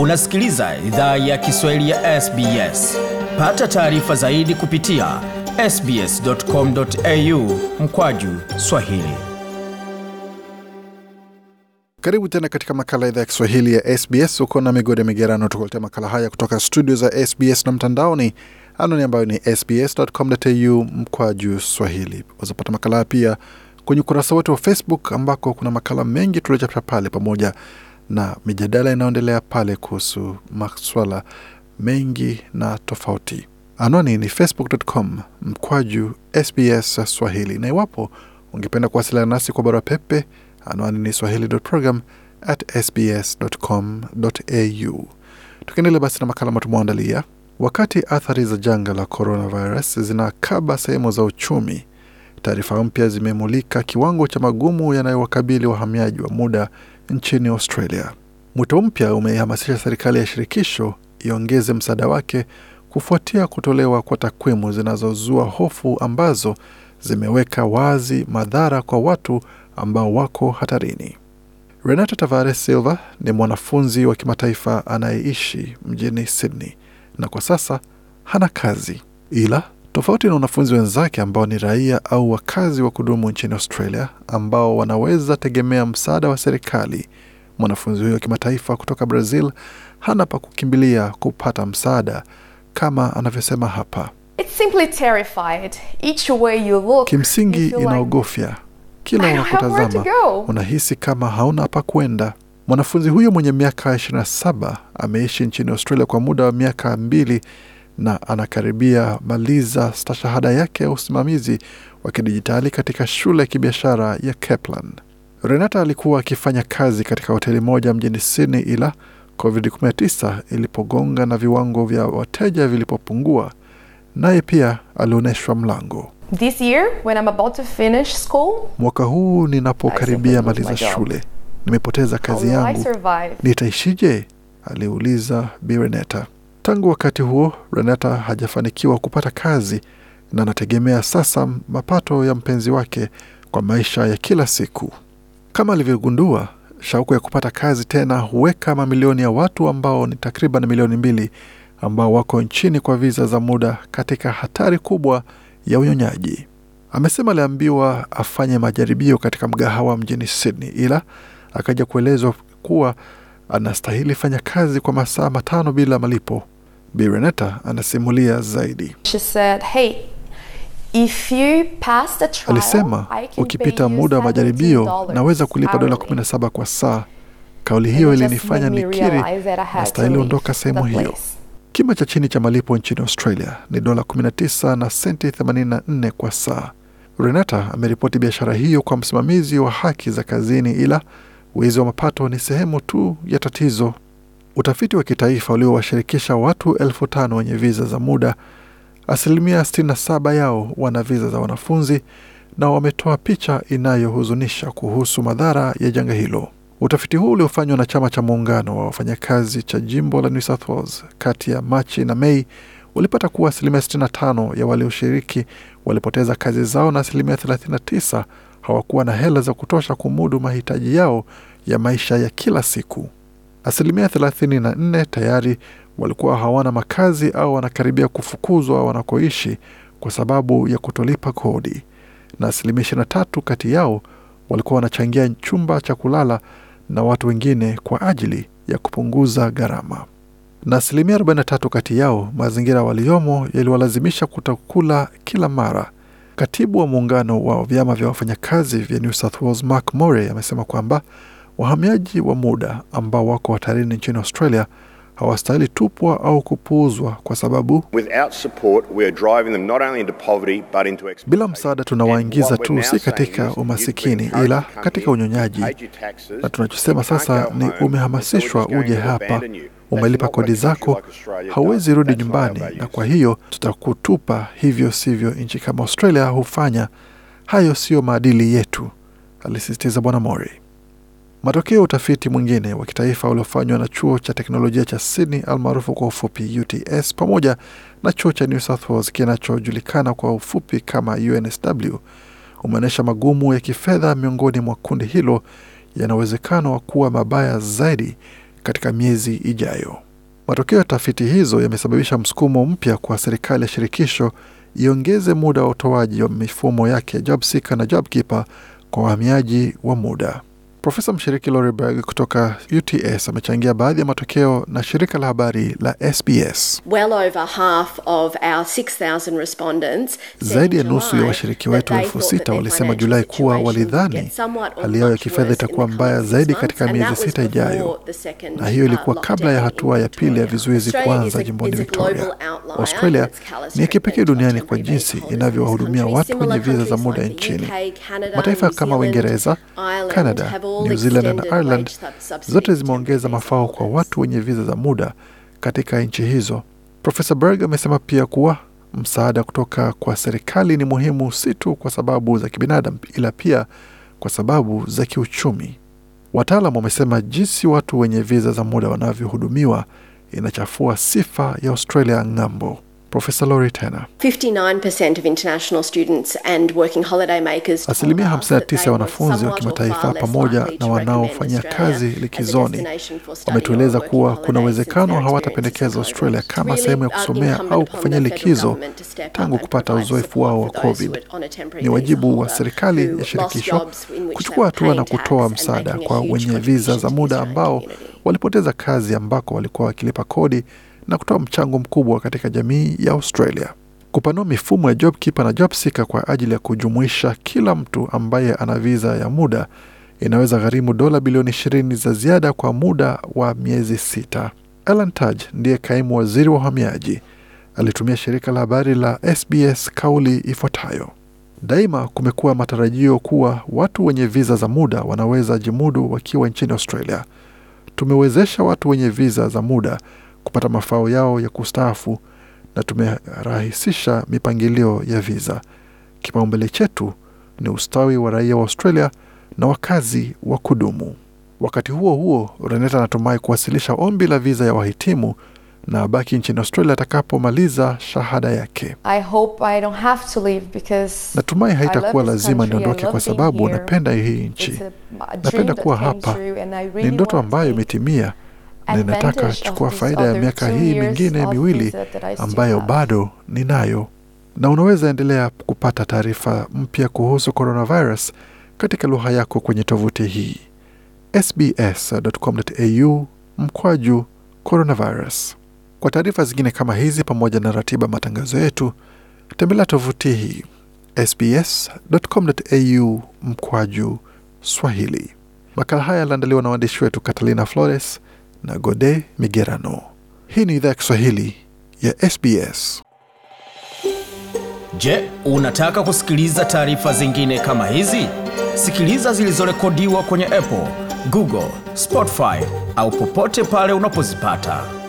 Unasikiliza idhaa ya Kiswahili ya SBS. Pata taarifa zaidi kupitia sbs.com.au mkwaju swahili. Karibu tena katika makala idhaa ya Kiswahili ya SBS. Uko na migode migerano, tukuletea makala haya kutoka studio za SBS na mtandaoni anani ambayo ni sbs.com.au mkwaju swahili. Wazapata makala haya pia kwenye ukurasa wetu wa Facebook ambako kuna makala mengi tuliochapa pale pamoja na mijadala inayoendelea pale kuhusu maswala mengi na tofauti. Anwani ni facebook.com mkwaju SBS Swahili, na iwapo ungependa kuwasiliana nasi kwa barua pepe, anwani ni swahili.program at Tukiendelea basi na makala matumuandalia, wakati athari za janga la coronavirus zinakaba sehemu za uchumi, taarifa mpya zimemulika kiwango cha magumu yanayowakabili wahamiaji wa muda nchini Australia. Mwito mpya umeihamasisha serikali ya shirikisho iongeze msaada wake kufuatia kutolewa kwa takwimu zinazozua hofu ambazo zimeweka wazi madhara kwa watu ambao wako hatarini. Renata Tavares Silva ni mwanafunzi wa kimataifa anayeishi mjini Sydney na kwa sasa hana kazi ila tofauti na wanafunzi wenzake ambao ni raia au wakazi wa kudumu nchini Australia ambao wanaweza tegemea msaada wa serikali. Mwanafunzi huyo wa kimataifa kutoka Brazil hana pa kukimbilia kupata msaada, kama anavyosema hapa. It's simply terrified. Each way you look, kimsingi inaogofya kila unakotazama unahisi kama hauna pa kwenda. Mwanafunzi huyo mwenye miaka 27 ameishi nchini Australia kwa muda wa miaka mbili na anakaribia maliza stashahada yake ya usimamizi wa kidijitali katika shule ya kibiashara ya Kaplan. Renata alikuwa akifanya kazi katika hoteli moja mjini Sydney, ila COVID-19 ilipogonga na viwango vya wateja vilipopungua, naye pia alionyeshwa mlango. This year, when I'm about to finish school, mwaka huu ninapokaribia maliza shule, nimepoteza kazi yangu, nitaishije? aliuliza Bi Renata. Tangu wakati huo, Renata hajafanikiwa kupata kazi na anategemea sasa mapato ya mpenzi wake kwa maisha ya kila siku. Kama alivyogundua, shauku ya kupata kazi tena huweka mamilioni ya watu ambao ni takriban milioni mbili ambao wako nchini kwa viza za muda katika hatari kubwa ya unyonyaji. Amesema aliambiwa afanye majaribio katika mgahawa mjini Sydney, ila akaja kuelezwa kuwa anastahili fanya kazi kwa masaa matano bila malipo. Bireneta Renata anasimulia zaidi. She said, hey, if you pass the trial, alisema ukipita muda wa majaribio naweza kulipa dola 17 kwa saa. Kauli hiyo ilinifanya nikiri nastahili ondoka sehemu hiyo. Kima cha chini cha malipo nchini Australia ni dola 19 na senti 84 kwa saa. Renata ameripoti biashara hiyo kwa msimamizi wa haki za kazini, ila Wizi wa mapato ni sehemu tu ya tatizo. Utafiti wa kitaifa uliowashirikisha watu elfu tano wenye viza za muda, asilimia 67 yao wana viza za wanafunzi na wametoa picha inayohuzunisha kuhusu madhara ya janga hilo. Utafiti huu uliofanywa na chama cha muungano wa wafanyakazi cha jimbo la New South Wales kati ya Machi na Mei ulipata kuwa asilimia 65 ya walioshiriki walipoteza kazi zao na asilimia 39 hawakuwa na hela za kutosha kumudu mahitaji yao ya maisha ya kila siku. Asilimia 34 tayari walikuwa hawana makazi au wanakaribia kufukuzwa wanakoishi kwa sababu ya kutolipa kodi, na asilimia 23 kati yao walikuwa wanachangia chumba cha kulala na watu wengine kwa ajili ya kupunguza gharama, na asilimia 43 kati yao mazingira waliyomo yaliwalazimisha kutakula kila mara Katibu wa muungano wa vyama vya wafanyakazi vya New South Wales Mark amesema kwamba wahamiaji wa muda ambao wako hatarini nchini Australia hawastahili tupwa au kupuuzwa kwa sababu support, poverty, bila msaada tunawaingiza tu si katika umasikini ila katika unyonyaji. Na tunachosema sasa ni umehamasishwa uje hapa, umelipa kodi zako, hauwezi rudi nyumbani, na kwa hiyo tutakutupa. Hivyo sivyo nchi kama Australia hufanya. Hayo siyo maadili yetu, alisisitiza Bwana Mori. Matokeo ya utafiti mwingine wa kitaifa uliofanywa na chuo cha teknolojia cha Sydney almaarufu kwa ufupi UTS pamoja na chuo cha New South Wales kinachojulikana kwa ufupi kama UNSW umeonyesha magumu ya kifedha miongoni mwa kundi hilo yana uwezekano wa kuwa mabaya zaidi katika miezi ijayo. Matokeo ya tafiti hizo yamesababisha msukumo mpya kwa serikali ya shirikisho iongeze muda wa utoaji wa mifumo yake JobSeeker na JobKeeper kwa wahamiaji wa muda. Profesa mshiriki Lori Berg kutoka UTS amechangia baadhi ya matokeo na shirika la habari la SBS. Well over half of our 6,000 respondents, zaidi ya nusu ya washiriki wetu elfu sita walisema Julai kuwa walidhani hali yao ya kifedha itakuwa mbaya zaidi katika miezi sita ijayo, na hiyo ilikuwa uh, kabla ya hatua ya pili ya vizuizi kuanza jimboni Victoria. Australia ni ya kipekee duniani kwa jinsi inavyowahudumia watu wenye viza za muda nchini. Mataifa kama Uingereza, Canada New Zealand na Ireland zote zimeongeza mafao kwa watu wenye viza za muda katika nchi hizo. Profesa Berg amesema pia kuwa msaada kutoka kwa serikali ni muhimu si tu kwa sababu za kibinadamu, ila pia kwa sababu za kiuchumi. Wataalam wamesema jinsi watu wenye viza za muda wanavyohudumiwa inachafua sifa ya Australia ng'ambo. Profesa Lori makers. asilimia 59 ya wanafunzi wa kimataifa pamoja na wanaofanyia kazi likizoni wametueleza kuwa kuna uwezekano hawatapendekeza Australia kama sehemu ya kusomea au kufanyia likizo tangu kupata uzoefu wao wa COVID. Ni wajibu wa serikali ya shirikisho kuchukua hatua na kutoa msaada kwa wenye viza za muda ambao walipoteza kazi ambako walikuwa wakilipa kodi na kutoa mchango mkubwa katika jamii ya Australia. Kupanua mifumo ya JobKeeper na JobSeeker kwa ajili ya kujumuisha kila mtu ambaye ana viza ya muda inaweza gharimu dola bilioni ishirini za ziada kwa muda wa miezi sita. Alan Tudge ndiye kaimu waziri wa uhamiaji, alitumia shirika la habari la SBS kauli ifuatayo: Daima kumekuwa matarajio kuwa watu wenye viza za muda wanaweza jimudu wakiwa nchini Australia. Tumewezesha watu wenye viza za muda kupata mafao yao ya kustaafu na tumerahisisha mipangilio ya viza. Kipaumbele chetu ni ustawi wa raia wa Australia na wakazi wa kudumu. Wakati huo huo, Reneta anatumai kuwasilisha ombi la viza ya wahitimu na abaki nchini Australia atakapomaliza shahada yake. I hope I don't have to leave because natumai haitakuwa lazima niondoke kwa sababu napenda hii nchi, napenda kuwa hapa, ni ndoto ambayo imetimia ninataka chukua faida ya miaka hii mingine miwili ambayo bado ninayo. Na unaweza endelea kupata taarifa mpya kuhusu coronavirus katika lugha yako kwenye tovuti hii sbs.com.au mkwaju coronavirus. Kwa taarifa zingine kama hizi, pamoja na ratiba matangazo yetu, tembelea tovuti hii sbs.com.au mkwaju Swahili. Makala haya yaliandaliwa na waandishi wetu Catalina Flores na Gode Migerano. Hii ni idhaa ya Kiswahili ya SBS. Je, unataka kusikiliza taarifa zingine kama hizi? Sikiliza zilizorekodiwa kwenye Apple, Google, Spotify au popote pale unapozipata.